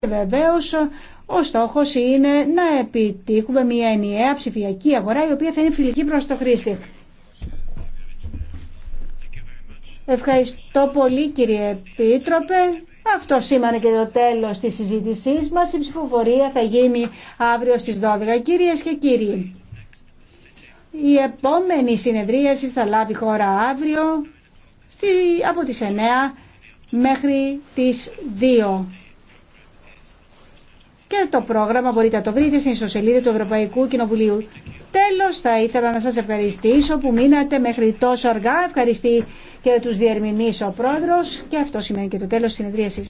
Και βεβαίως ο στόχος είναι να επιτύχουμε μια ενιαία ψηφιακή αγορά η οποία θα είναι φιλική προς το χρήστη. Ευχαριστώ πολύ κύριε Επίτροπε. Αυτό σήμανε και το τέλος της συζήτησής μας. Η ψηφοφορία θα γίνει αύριο στις 12. Κυρίες και κύριοι, η επόμενη συνεδρίαση θα λάβει χώρα αύριο από τις 9 μέχρι τις 2 και το πρόγραμμα μπορείτε να το βρείτε στην ιστοσελίδα του Ευρωπαϊκού Κοινοβουλίου. Τέλος θα ήθελα να σας ευχαριστήσω που μείνατε μέχρι τόσο αργά. Ευχαριστή και τους διερμηνείς ο πρόεδρος και αυτό σημαίνει και το τέλος της συνεδρίασης.